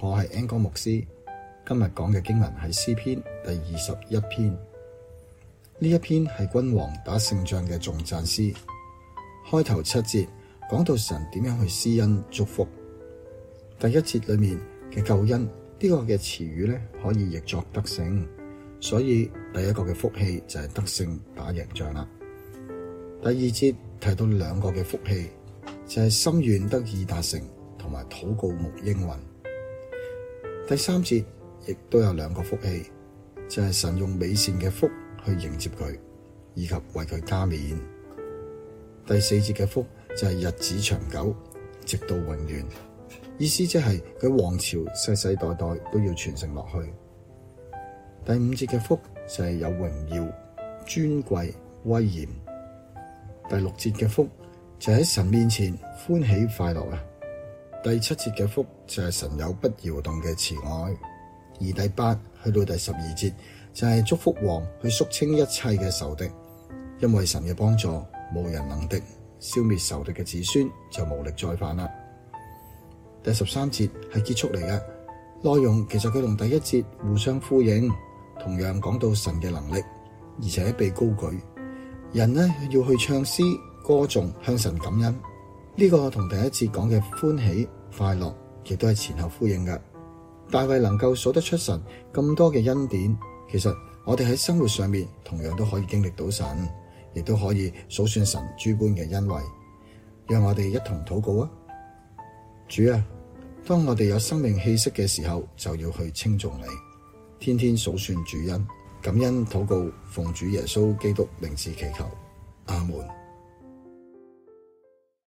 我係 Angus 牧師，今日講嘅經文係詩篇第二十一篇。呢一篇係君王打勝仗嘅頌讚詩。開頭七節講到神點樣去施恩祝福。第一節裏面嘅救恩、這個、的詞呢個嘅詞語可以譯作得勝，所以第一個嘅福氣就係得勝打贏仗啦。第二節提到兩個嘅福氣就係心願得以達成，同埋禱告蒙應允。第三節亦都有兩個福氣，就係神用美善嘅福去迎接佢，以及為佢加冕。第四節嘅福就係日子長久，直到永遠。意思即係佢王朝世世代代都要傳承落去。第五節嘅福就係有榮耀、尊貴、威嚴。第六節嘅福就喺神面前歡喜快樂。第七節嘅福就係神有不搖動嘅慈愛，而第八去到第十二節就係祝福王去肅清一切嘅仇敵，因為神嘅幫助無人能敵，消滅仇敵嘅子孫就無力再犯啦。第十三節係結束嚟嘅，內容其實佢同第一節互相呼應，同樣講到神嘅能力，而且被高舉，人呢要去唱詩歌頌向神感恩。呢、這個同第一次講嘅歡喜快樂，亦都係前後呼應嘅。大衛能夠數得出神咁多嘅恩典，其實我哋喺生活上面同樣都可以經歷到神，亦都可以數算神諸般嘅恩惠。讓我哋一同禱告啊！主啊，當我哋有生命氣息嘅時候，就要去稱頌你，天天數算主恩，感恩禱告，奉主耶穌基督名字祈求，阿門。